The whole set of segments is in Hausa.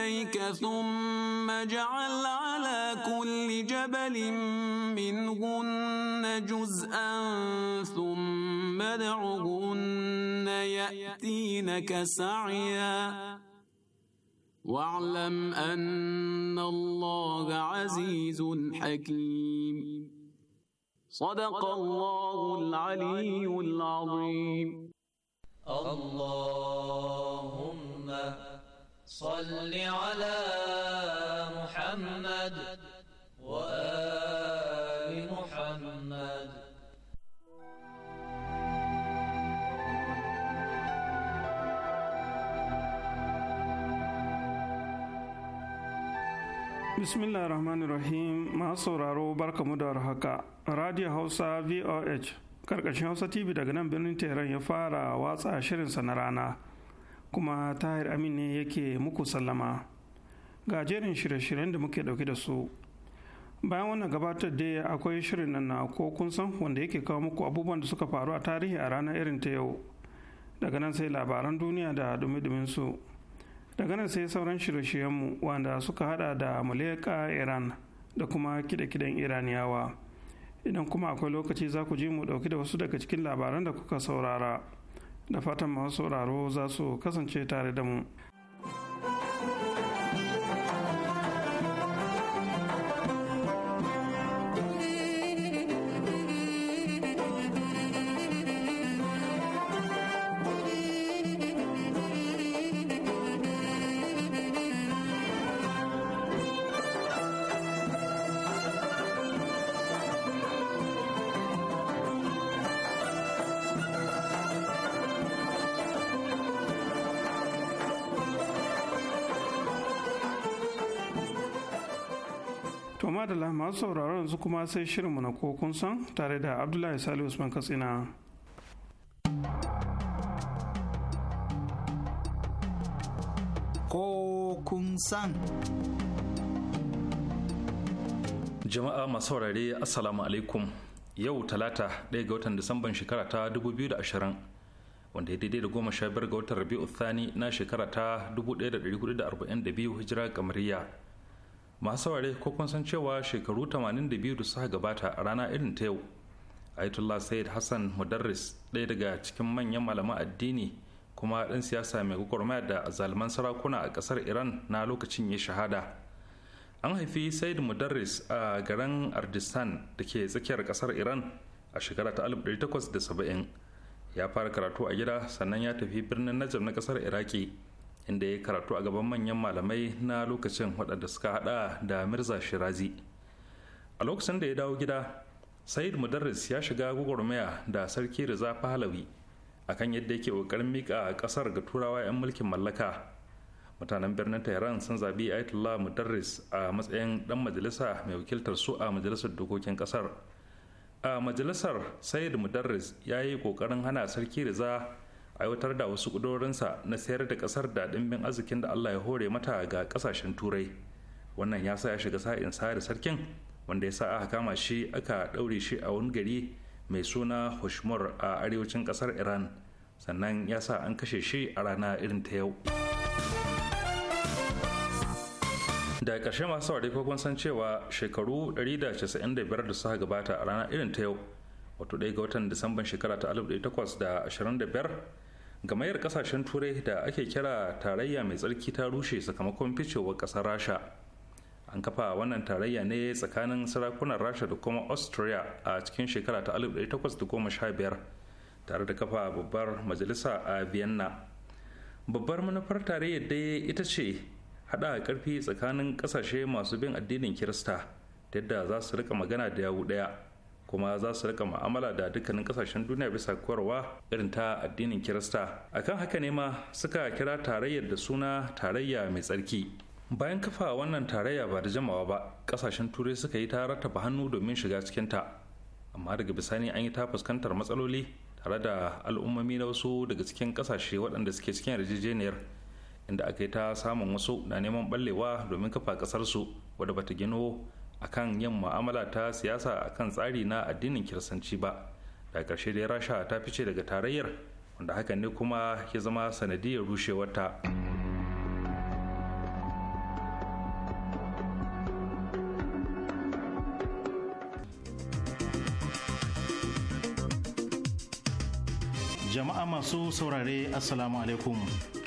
إليك ثم اجعل على كل جبل منهن جزءا ثم دعهن يأتينك سعيا واعلم أن الله عزيز حكيم صدق الله العلي العظيم اللهم صل على محمد وآل محمد بسم الله الرحمن الرحيم ما صورارو بارك مدار هكا راديو هوسا في او اتش karkashin hausa tv daga nan birnin tehran ya fara watsa shirinsa kuma tahir amin ne yake muku sallama ga jerin shirye-shiryen da muke dauke da su bayan wannan gabatar da akwai shirin nan na ko kun san wanda yake kawo muku abubuwan da suka faru a tarihi a ranar irin ta yau daga nan sai labaran duniya da dumi su daga nan sai sauran shirye-shiryenmu wanda suka hada da muleka iran da kuma kide-kiden iraniyawa idan kuma akwai lokaci za ku ji mu dauki da wasu daga cikin labaran da kuka saurara. da fatan masu sauraro za su kasance tare da mu da lahama sauraro yanzu kuma sai shirinmu na kokun san tare da abdullahi sali usman katsina kokun san jama'a masu saurare assalamu alaikum yau talata ɗaya ga watan disamban shekara ta 2020 wanda ya daidai da goma sha biyar ga watan rabi'u thani na shekara ta 1442 hijira kamariya masu saurare ko kun san cewa shekaru 82 da suka gabata a rana irin ta yau ayatollah sayyid hassan mudarris ɗaya daga cikin manyan malaman addini kuma ɗan siyasa mai gwagwarmaya da zalman sarakuna a ƙasar iran na lokacin ya shahada an haifi sayyid mudarris a garin ardistan da ke tsakiyar ƙasar iran a shekara ta 1870 ya fara karatu a gida sannan ya tafi birnin najar na ƙasar iraki inda ya karatu a gaban manyan malamai na lokacin waɗanda suka haɗa da mirza shirazi a lokacin da ya dawo gida said mudarris ya shiga gwagwarmaya da sarki riza pahlavi kan yadda yake ƙoƙarin mika ƙasar ga turawa 'yan mulkin mallaka mutanen birnin tehran sun zabi ayatollah mudarris a matsayin ɗan majalisa mai wakiltar su a majalisar dokokin Ƙasar. a majalisar said mudarris ya yi ƙoƙarin hana sarki riza aiwatar da wasu ƙudurorinsa na sayar da ƙasar da ɗimbin arzikin da allah ya hore mata ga ƙasashen turai wannan ya sa ya shiga sa'in sare sarkin wanda ya sa aka kama shi aka ɗaure shi a wani gari mai suna hushmur a arewacin ƙasar iran sannan ya sa an kashe shi a rana irin ta yau da ƙarshe masu saurari ko kun san cewa shekaru 195 da suka gabata a rana irin ta yau wato ɗaya ga watan disamban shekara ta 1825 gamayar kasashen turai da ake kira tarayya mai tsarki ta rushe sakamakon ficewar kasar rasha an kafa wannan tarayya ne tsakanin sarakunan rasha da kuma austria a cikin shekara ta 1815 tare da kafa babbar majalisa a vienna babbar manufar tarayyar dai ita ce hada karfi tsakanin kasashe masu bin addinin kirista yadda za su rika magana da yawu daya kuma za su rika mu'amala da dukkanin kasashen duniya bisa korwa irin ta addinin kirista akan haka ne ma suka kira tarayyar da suna tarayya mai tsarki bayan kafa wannan tarayya ba da jamawa ba kasashen turai suka yi ta rattaba hannu domin shiga cikin ta amma daga bisani an yi ta fuskantar matsaloli tare da al'ummomi na wasu daga cikin kasashe waɗanda suke cikin yarjejeniyar inda aka yi ta samun wasu na neman ballewa domin kafa ƙasarsu wadda bata gino akan yin mu'amala ta siyasa akan tsari na addinin kirsanci ba da ƙarshe dai rasha ta fice daga tarayyar wanda hakan ne kuma ya zama sanadiyar rushewarta jama'a masu saurare assalamu alaikum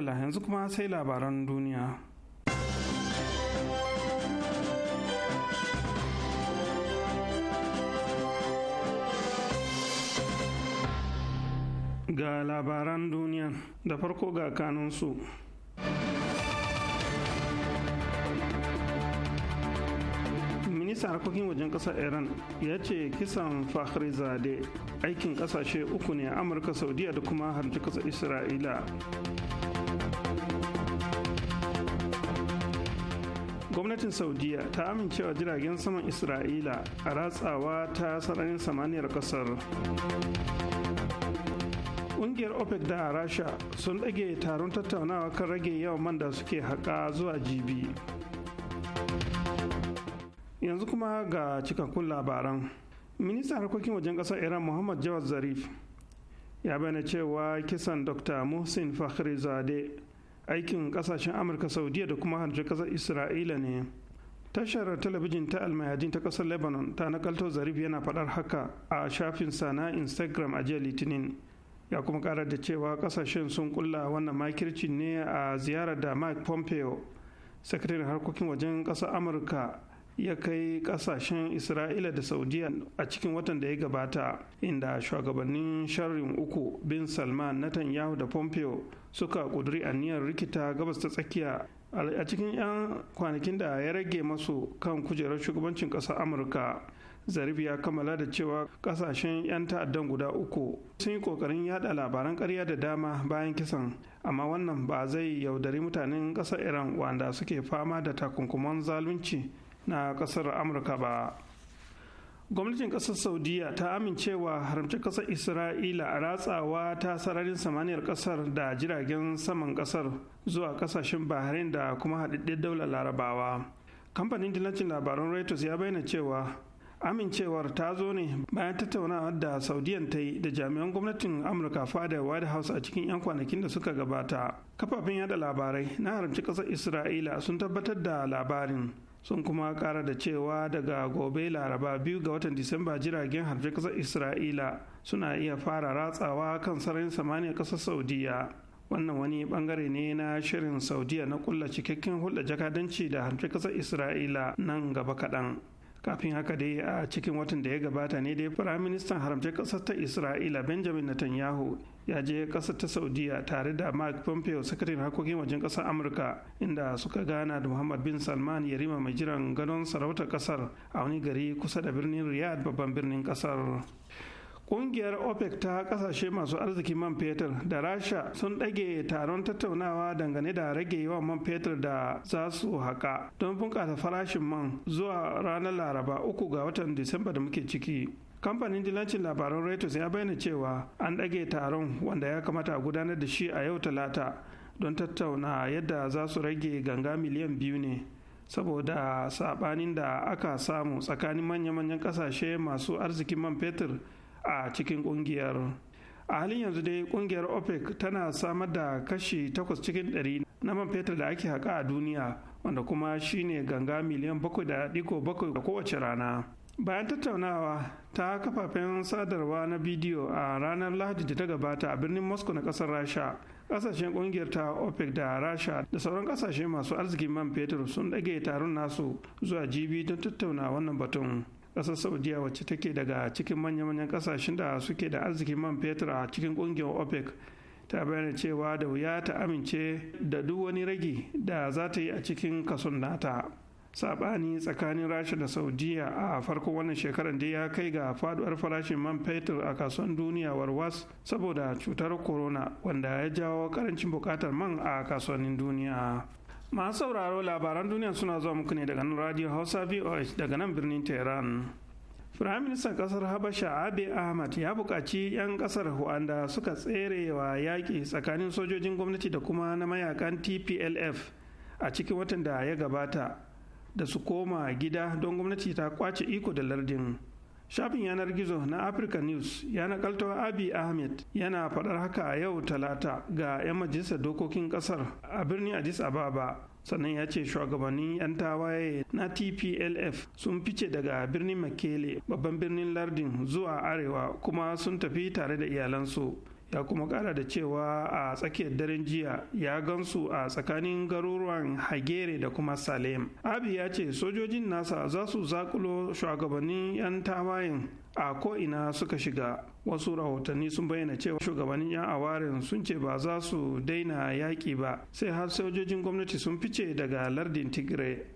madalla yanzu kuma sai labaran duniya. Ga labaran duniya da farko ga kanunsu. ministan harkokin wajen kasar iran ya ce kisan fahri zade aikin ƙasashe uku ne a amurka saudiya da kuma harci isra'ila gwamnatin saudiya ta amincewa jiragen saman isra'ila a ratsawa ta sararin samaniyar kasar Ƙungiyar opec da rasha sun ɗage taron tattaunawa kan rage yawan man da suke haƙa zuwa jibi yanzu kuma ga cikakkun labaran ministan harkokin wajen ƙasar iran muhammad jawad zarif ya bayyana cewa kisan dr muhsin Zade. aikin kasashen amurka saudiya da kuma harjar kasar isra'ila ne tashar talabijin ta almayadin ta kasar lebanon ta nakalto zarif yana faɗar haka a shafinsa na instagram a jiya litinin ya kuma ƙara da cewa kasashen sun kulla wannan makirci ne a ziyarar da mike pompeo sakataren harkokin wajen ƙasar amurka ya kai kasashen isra'ila da saudiya a cikin watan da ya gabata inda shugabannin sharrin uku bin salman netanyahu da pompeo suka ƙuduri niyyar rikita gabas ta tsakiya a cikin 'yan kwanakin da ya rage masu kan kujerar shugabancin ƙasar amurka zarif ya kammala da cewa kasashen 'yan ta'addan guda uku sun yi kokarin yada labaran karya da dama bayan kisan amma wannan ba zai yaudari mutanen ƙasar iran wanda suke fama da takunkuman zalunci na ƙasar amurka ba gwamnatin kasar saudiya ta amincewa haramci kasar isra'ila a ratsawa ta sararin samaniyar kasar da jiragen saman kasar zuwa kasashen bahrain da kuma haɗaɗɗen daular larabawa kamfanin dillacin labaran reuters ya bayyana cewa amincewar ta zo ne bayan tattaunawa da saudiyan ta yi da jami'an gwamnatin amurka fada white house a cikin 'yan kwanakin da suka gabata kafafen yada labarai na haramci kasar isra'ila sun tabbatar da labarin sun kuma kara da cewa daga gobe laraba biyu ga watan disamba jiragen harbe kasar isra'ila suna iya fara ratsawa kan sararin samaniya kasar saudiya wannan wani bangare ne na shirin saudiya na kulla cikakken hulɗa jakadanci da harbe kasar isra'ila nan gaba kaɗan kafin haka dai a cikin watan da ya gabata ne dai firaministan haramce Kasar ta isra'ila benjamin netanyahu ya je ƙasar ta saudiya tare da mark pompeo sakatin harkokin wajen ƙasar amurka inda suka gana da muhammad bin salman yarima mai jiran gadon sarautar ƙasar a wani gari kusa da birnin riyadh babban birnin ƙasar Ƙungiyar OPEC ta kasashe masu arziki man fetur da Rasha sun ɗage taron tattaunawa dangane da rage yawan man fetur da za su haka don bunƙasa farashin man zuwa ranar Laraba uku ga watan Disamba da muke ciki. kamfanin dilancin labaran reuters ya bayyana cewa an ɗage taron wanda ya kamata a gudanar da shi a yau talata don tattauna yadda za su rage ganga miliyan biyu ne saboda sabanin da aka samu tsakanin manya-manyan kasashe masu arzikin man fetur a cikin ƙungiyar a halin yanzu dai ƙungiyar opec tana samar da kashi 8 cikin 100 na man fetur da ake haka a duniya wanda kuma shine ganga miliyan 7.7 kowace rana bayan tattaunawa ta kafafen sadarwa na bidiyo a ranar lahadi da ta gabata a birnin moscow na kasar rasha kasashen kungiyar ta opec da rasha da sauran kasashe masu arziki man fetur sun ɗage taron nasu zuwa jibi don tattauna wannan batun kasar saudiya wacce take daga cikin manya-manyan kasashen da suke da arziki man fetur a cikin kungiyar opec ta bayyana cewa da wuya ta amince da duk wani ragi da za ta yi a cikin kason nata sabani tsakanin rasha da saudiya a farkon wannan shekarar da ya kai ga faduwar farashin man fetur a kasuwan duniya warwas saboda cutar corona wanda ya jawo karancin bukatar man a kasuwannin duniya masu sauraro labaran duniya suna zuwa muku ne daga nan radio hausa voh daga nan birnin tehran Firaministan ƙasar Habasha Abe Ahmad ya buƙaci 'yan ƙasar wanda suka tserewa yaƙi tsakanin sojojin gwamnati da kuma na mayakan TPLF a cikin watan da ya gabata da su koma gida don gwamnati ta kwace iko da lardin shafin yanar gizo na africa news ya na nakalto abi ahmed yana faɗar haka a yau talata ga 'yan majalisar dokokin ƙasar a birnin addis ababa sannan ya ce shugabannin 'yan tawaye na tplf sun fice daga birnin makele babban birnin lardin zuwa arewa kuma sun tafi tare da iyalansu ya kuma kara da cewa a tsakiyar daren jiya ya gansu a tsakanin garuruwan hagere da kuma salem abi ya ce sojojin nasa za su zakulo shugabannin 'yan tawayen a ko'ina suka shiga wasu rahotanni sun bayyana cewa shugabannin 'yan awarin sun ce ba za su daina yaƙi ba sai har sojojin gwamnati sun fice daga lardin tigray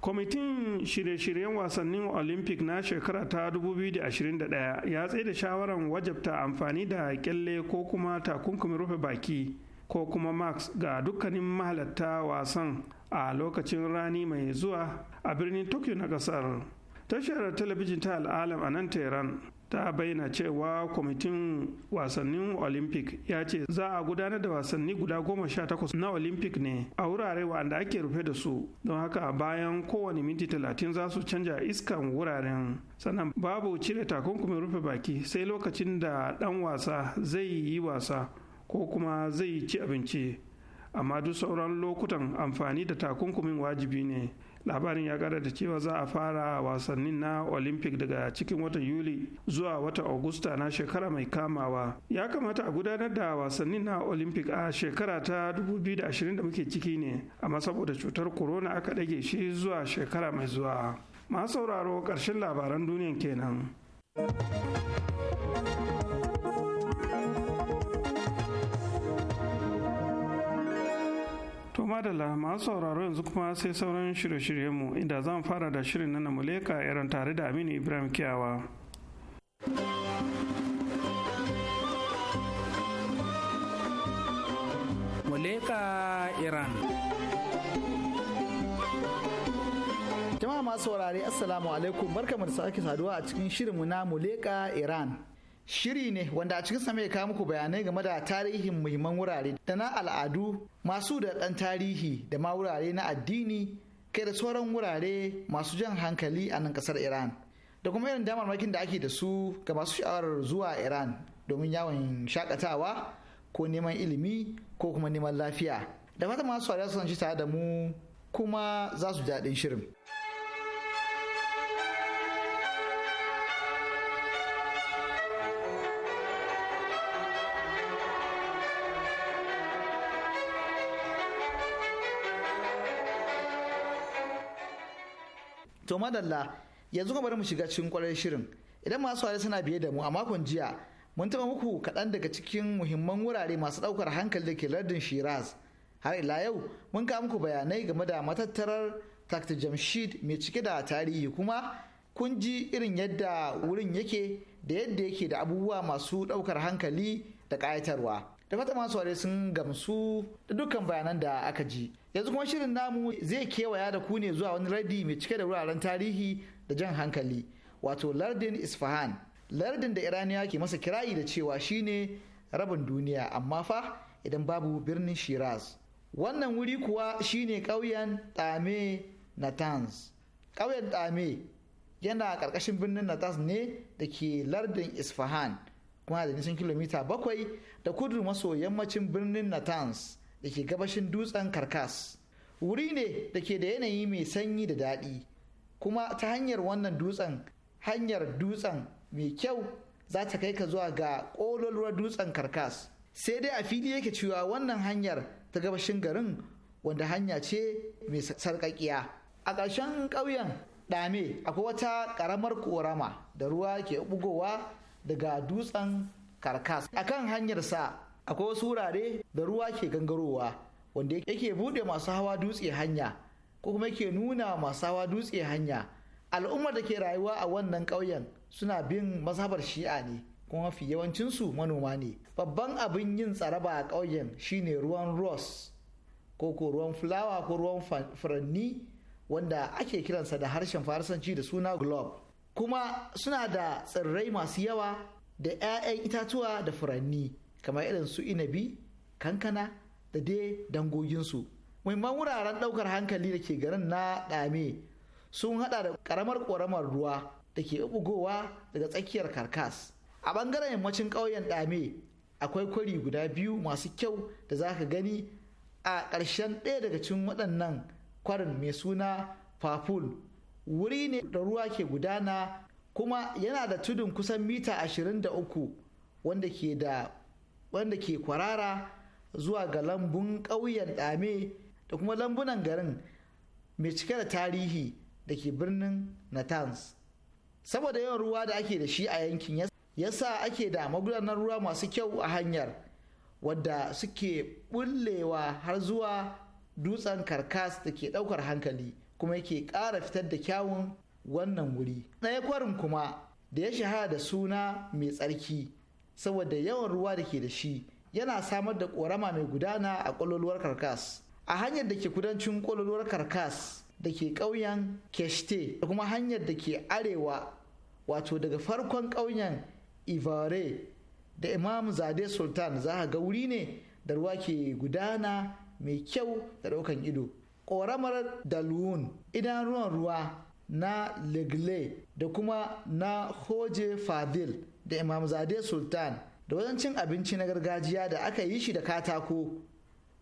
kwamitin shirye-shiryen wasannin olympic na shekara ta 2021 ya tsaye da shawarar wajabta amfani da kyalle ko kuma takunkumin rufe baki ko kuma max ga dukkanin mahalatta wasan a lokacin rani mai zuwa a birnin tokyo na kasar tashar talabijin ta al'alam a nan tehran ta bayyana cewa kwamitin wasannin olympic ya ce za a gudanar da wasanni guda goma sha takwas na olympic ne a wurare wanda ake rufe da su don haka bayan kowane minti talatin za su canja iskan wuraren sannan babu cire takunkumin rufe baki sai lokacin da dan wasa zai yi wasa ko kuma zai ci abinci amma duk sauran lokutan amfani da takunkumin wajibi ne labarin ya kara da cewa za a fara wasannin na olympic daga cikin watan yuli zuwa wata augusta na shekara mai kamawa ya kamata a gudanar da wasannin na olympic a shekara ta 2020 da muke ciki ne amma saboda cutar corona aka ɗage shi zuwa shekara mai zuwa masu sauraro ƙarshen labaran duniyan kenan To madalla masu sauraro yanzu kuma sai sauran shirye mu inda zan fara da shirin na Muleka irin tare da Aminu Ibrahim Kiyawa. Muleka Iran. Jama'a masu saurare Assalamu alaikum barkamu da sake saduwa a cikin shirinmu na Muleka Iran. shiri ne wanda a cikin mai kawo muku bayanai game da tarihin muhimman wurare da na al'adu masu da ɗan tarihi da ma wurare na addini kai da sauran wurare masu jan hankali a nan ƙasar iran da kuma irin damarmakin da ake da su ga masu sha'awar zuwa iran domin yawon shakatawa ko neman ilimi ko kuma neman lafiya da fata masu saurari tare da mu kuma za su daɗin shirin. to madalla yanzu kuma bari mu shiga cikin kwarar shirin idan masu wari suna biye da mu a makon jiya mun taɓa muku kaɗan daga cikin muhimman wurare masu ɗaukar hankali da ke lardin shiraz har ila yau mun kawo muku bayanai game da matattarar takta jamshid mai cike da tarihi kuma kun ji irin yadda wurin yake da yadda yake da abubuwa masu ɗaukar hankali da ƙayatarwa da fata masu ware sun gamsu da dukkan bayanan da aka ji yanzu kuma shirin namu zai kewaya da ku ne zuwa wani lardi mai cike da wuraren tarihi da jan hankali wato lardin isfahan lardin da iraniya ke masa kirayi da cewa shine rabin duniya amma fa idan babu birnin shiraz wannan wuri kuwa shine ƙauyen ɗame natanz ƙauyen ɗame yana ƙarƙashin birnin natanz ne da ke lardin isfahan kuma da nisan kilomita bakwai da kudu maso yammacin birnin Natans da ke gabashin dutsen Karkas. Wuri ne da ke da yanayi mai sanyi da daɗi, kuma ta hanyar wannan dutsen, hanyar dutsen mai kyau za ta kai ka zuwa ga ƙololuwar dutsen Karkas. Sai dai a fili yake cewa wannan hanyar ta gabashin garin wanda hanya ce mai sarƙaƙiya. A ƙarshen ƙauyen ɗame akwai wata ƙaramar ƙorama da ruwa ke bugowa daga dutsen karkas a akan hanyarsa akwai wasu wurare da ruwa ke gangarowa wanda yake bude masu hawa dutse hanya ko kuma yake nuna masu hawa dutse hanya al'ummar da ke rayuwa a wannan ƙauyen suna bin mazhabar shi'a ne kuma mafi yawancinsu manoma ne babban abin yin tsaraba a ƙauyen shine ruwan ros ko ko ruwan fulawa ko ruwan furanni wanda ake kiransa da harshen farisanci da suna globe kuma suna da tsirrai masu yawa da 'ya'yan itatuwa da furanni kamar irin su inabi kankana da dai dangoginsu muhimman wuraren ɗaukar hankali da ke garin na dame sun haɗa da karamar ƙoramar ruwa da ke ubugowa daga tsakiyar karkas a bangaren yammacin ƙauyen dame akwai kwari guda biyu masu kyau da za ka gani a ƙarshen ɗaya daga cikin waɗannan kwarin mai suna papul wuri ne da ruwa ke gudana kuma yana da tudun kusan mita 23 wanda ke da wanda ke kwarara zuwa ga lambun ƙauyen ɗame da kuma lambunan garin mai cike da tarihi da ke birnin Natanz. Saboda yawan ruwa da ake da shi a yankin yasa ake da magudanar ruwa masu kyau a hanyar wadda suke bullewa har zuwa dutsen karkas da ke daukar hankali kuma yake ƙara fitar da kyawun wannan wuri ɗaya kwarin kuma da ya shahara da suna mai tsarki saboda yawan ruwa da ke da shi yana samar da ƙorama mai gudana a ƙwaloluwar karkas a hanyar da ke kudancin ƙwaloluwar karkas da ke ƙauyen keshte da kuma hanyar da ke arewa wato daga farkon ƙauyen ivare da imam zade sultan za a ga wuri ne da ruwa ke gudana mai kyau da ɗaukan ido ƙoramar dalun idan ruwan ruwa na legle da kuma na hoje fadil da Imam zade sultan da wajen cin abinci na gargajiya da aka yi shi da katako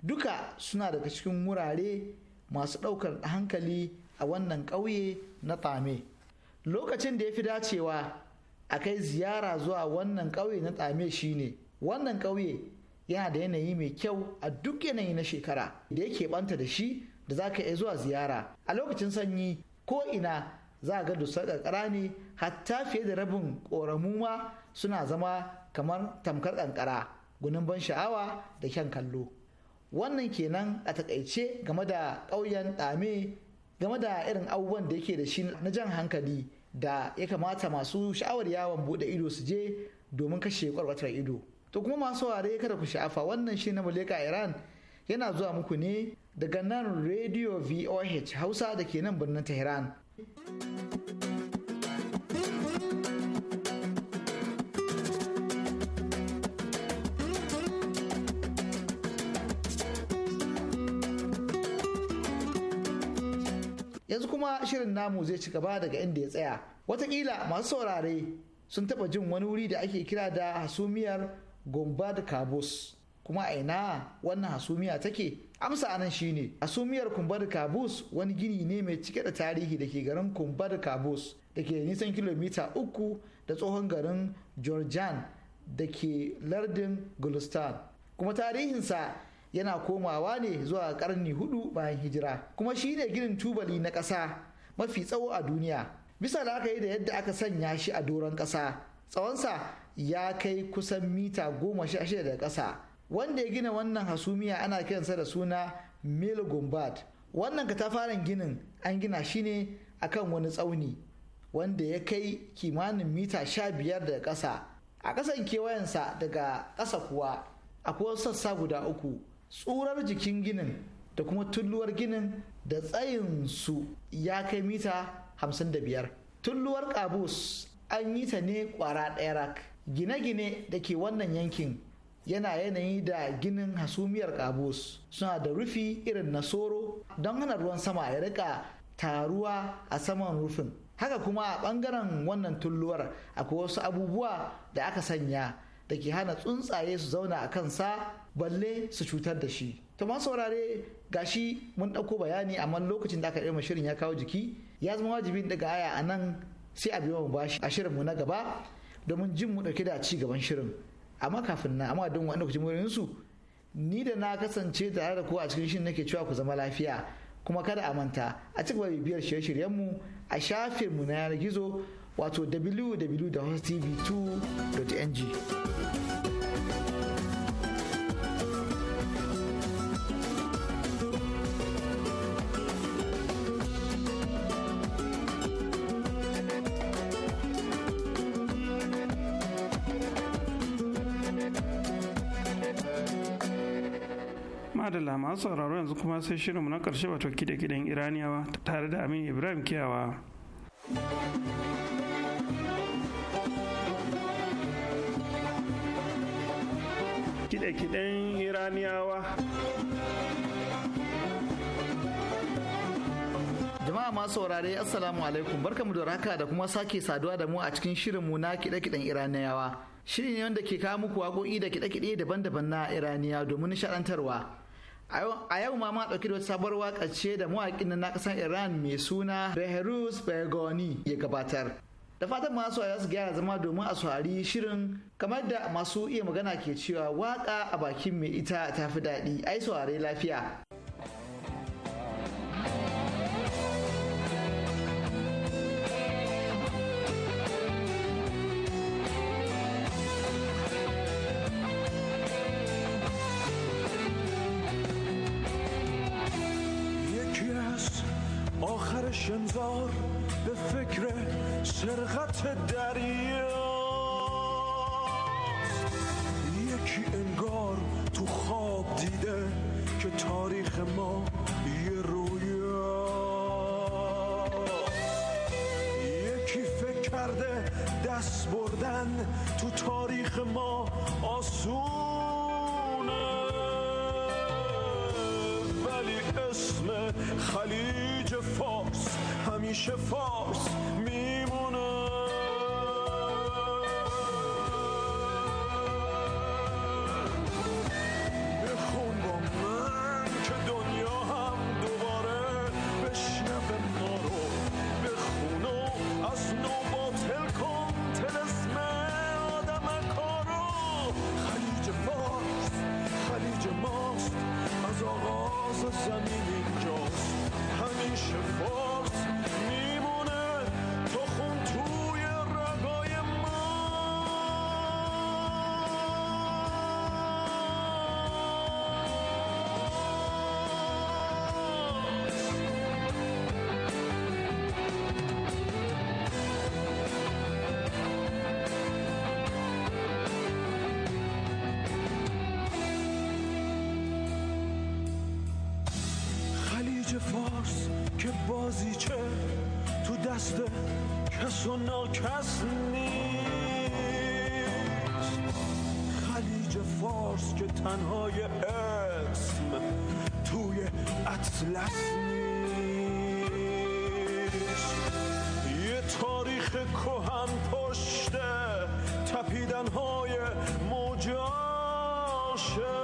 duka suna daga cikin wurare masu ɗaukar hankali a wannan ƙauye na tame lokacin da ya fi dacewa a kai ziyara zuwa wannan ƙauye na tame shine wannan ƙauye yana da yanayi mai kyau a duk yanayi na shekara da yake banta da shi da za ka iya zuwa ziyara a lokacin sanyi ko ina za ga dusar kankara ne hatta fiye da rabin ƙoramu ma suna zama kamar tamkar kankara gunin ban sha'awa da kyan kallo wannan kenan a takaice game da ƙauyen ɗame game da irin abubuwan da yake da shi na jan hankali da ya kamata masu sha'awar yawon buɗe ido su je domin kashe kwarwatar ido to kuma masu ware kada ku sha'afa wannan shi na muleka iran yana zuwa muku ne daga nan radio voh hausa da ke nan birnin tehran yanzu kuma shirin namu zai ci gaba daga inda ya tsaya watakila masu saurare sun taba jin wani wuri da ake kira da hasumiyar gomba da kabus kuma a ina wannan hasumiya take amsa anan shine asumiyar kumbar kabus wani gini ne mai cike da tarihi da ke garin kumbar kabus da ke nisan kilomita uku da tsohon garin georgian da ke lardin gulistan kuma tarihinsa yana komawa ne zuwa karni hudu bayan hijira kuma shi ne ginin tubali na ƙasa mafi tsawo a duniya bisa da aka yi da yadda aka sanya shi a doron ƙasa tsawonsa ya kai kusan mita goma sha shida da ƙasa wanda ya gina wannan hasumiya ana kiransa da suna mil gumbad wannan katafaren ginin an gina shi ne akan wani tsauni wanda ya kai kimanin mita sha biyar daga ƙasa a ƙasan kewayensa daga ƙasa kuwa akwai sassa guda uku tsurar jikin ginin da kuma tulluwar ginin da tsayinsu ya kai mita hamsin da biyar tulluwar kabus an yi ta ne kwara ɗaya rak gine-gine da ke wannan yankin yana yanayi da ginin hasumiyar kabus suna da rufi irin na soro don hana ruwan sama ya rika taruwa a saman rufin haka kuma a bangaren wannan tulluwar akwai wasu abubuwa da aka sanya da ke hana tsuntsaye su zauna a kansa balle su cutar da shi to ma saurare shi mun ɗauko bayani amma lokacin da aka ɗaya shirin ya kawo jiki ya zama wajibin daga aya a nan sai a biyo mu bashi a mu na gaba domin jin mu ɗauke da ci gaban shirin amma kafin na amma don wani lokacin wurin su ni da na kasance tare da kowa a cikin shirin nake cewa ku zama lafiya kuma kada a manta a cikin bibiyar shirye shiryen mu a mu na yanar gizo wato www.hostv2.ng masu sauraro yanzu kuma sai shirinmu na karshe wato kide-kiden iraniyawa tare da amin ibrahim kiyawa kide-kiden iraniyawa jama'a masu saurare assalamu alaikum barkamu da raka da kuma sake saduwa da mu a cikin shirinmu na kide-kiden iraniyawa shiri ne wanda ke kawo muku waƙoƙi da kiɗe-kiɗe daban-daban na iraniya domin nishaɗantarwa a yau ma ma ɗauki da wata sabuwar waƙa ce da mawaƙin na ƙasar iran mai suna behrus begoni ya gabatar da fatan masu a su gyara zama domin a saurari shirin kamar da masu iya magana ke cewa waƙa a bakin mai ita ta fi daɗi ai saurare lafiya انگار به فکر سرقت دریا یکی انگار تو خواب دیده که تاریخ ما یه رویا یکی فکر کرده دست بردن تو تاریخ ما آسونه ولی اسم خلیج فارس همیشه فارس میمونه بخون با من که دنیا هم دوباره بشنوه ما رو از نو باطل کن تلسم آدم کارو خلیج فارس خلیج ماست از آغاز زمینی که بازیچه تو دست کس و ناکس نیست خلیج فارس که تنهای اسم توی اطلس نیست یه تاریخ کهن پشته تپیدن های موجاشه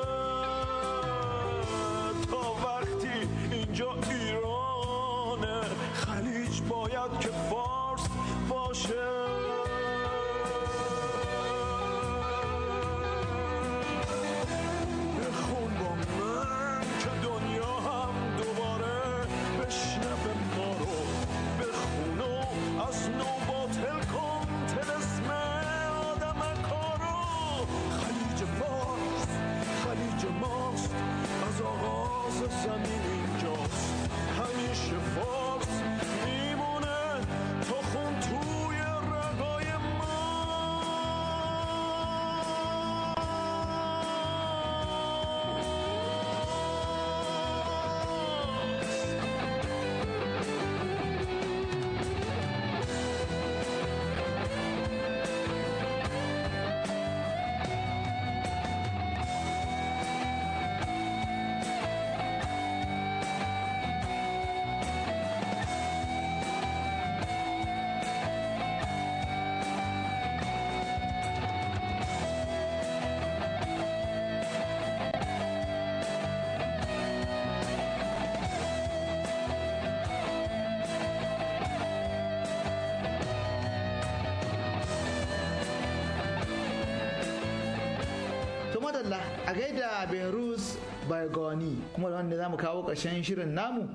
a gaida Beirut Bargoni kuma da wanda zamu kawo ƙarshen shirin namu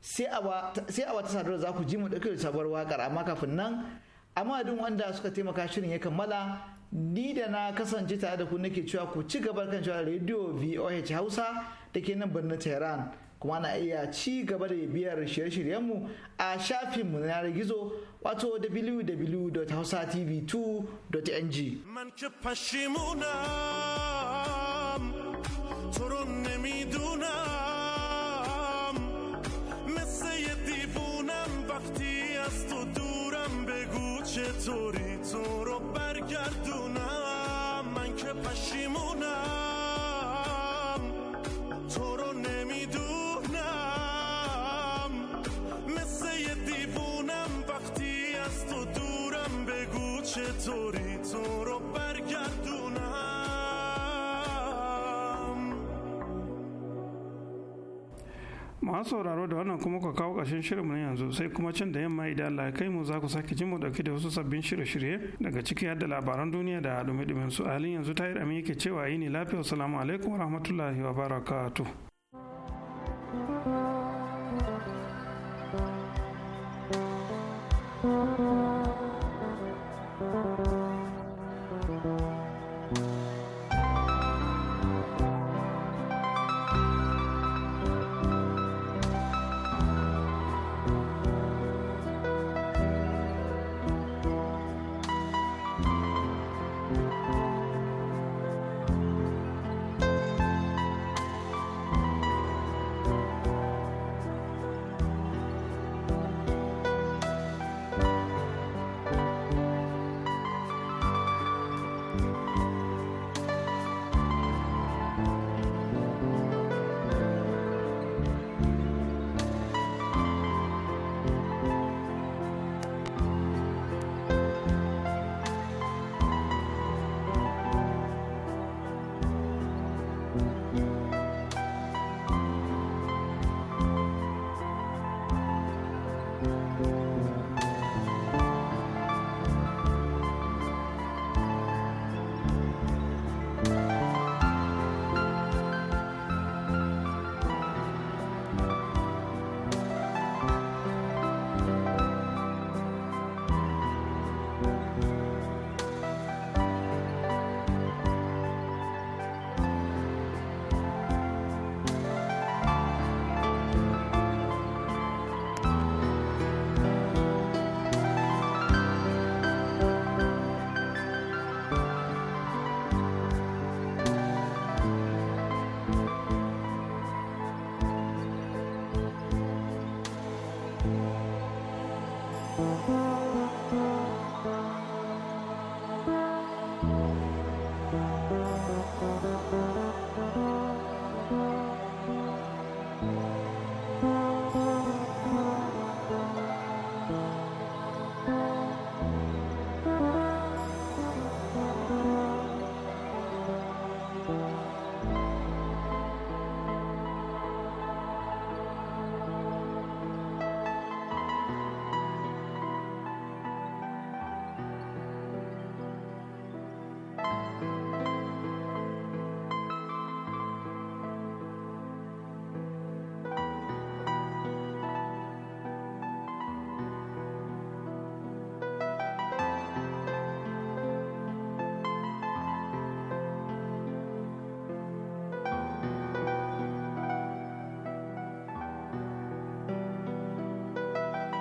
sai a wata sadarwa za ku ji mu ɗauke da sabuwar wakar amma kafin nan amma duk wanda suka taimaka shirin ya kammala ni da na kasance tare da ku nake cewa ku ci gaban kan cewa rediyo voh hausa da ke nan birnin tehran kuma na iya ci gaba da biyar shirye-shiryenmu a shafinmu na yanar gizo wato www.hausatv2.ng من که پشیمونم تو رو نمیدونم مثل یه دیوونم وقتی از تو دورم بگو چطوری تو رو masu sauraro da wannan kuma ka kawo ƙarshen shirinmu na yanzu sai kuma can da yamma idan Allah kai mu za ku sake jin mu dauke da wasu sabbin shirye-shirye daga ciki har da labaran duniya da dumi su halin yanzu tayar amin yake cewa yi ne lafiya salamu alaikum wa rahmatullahi wa barakatuh.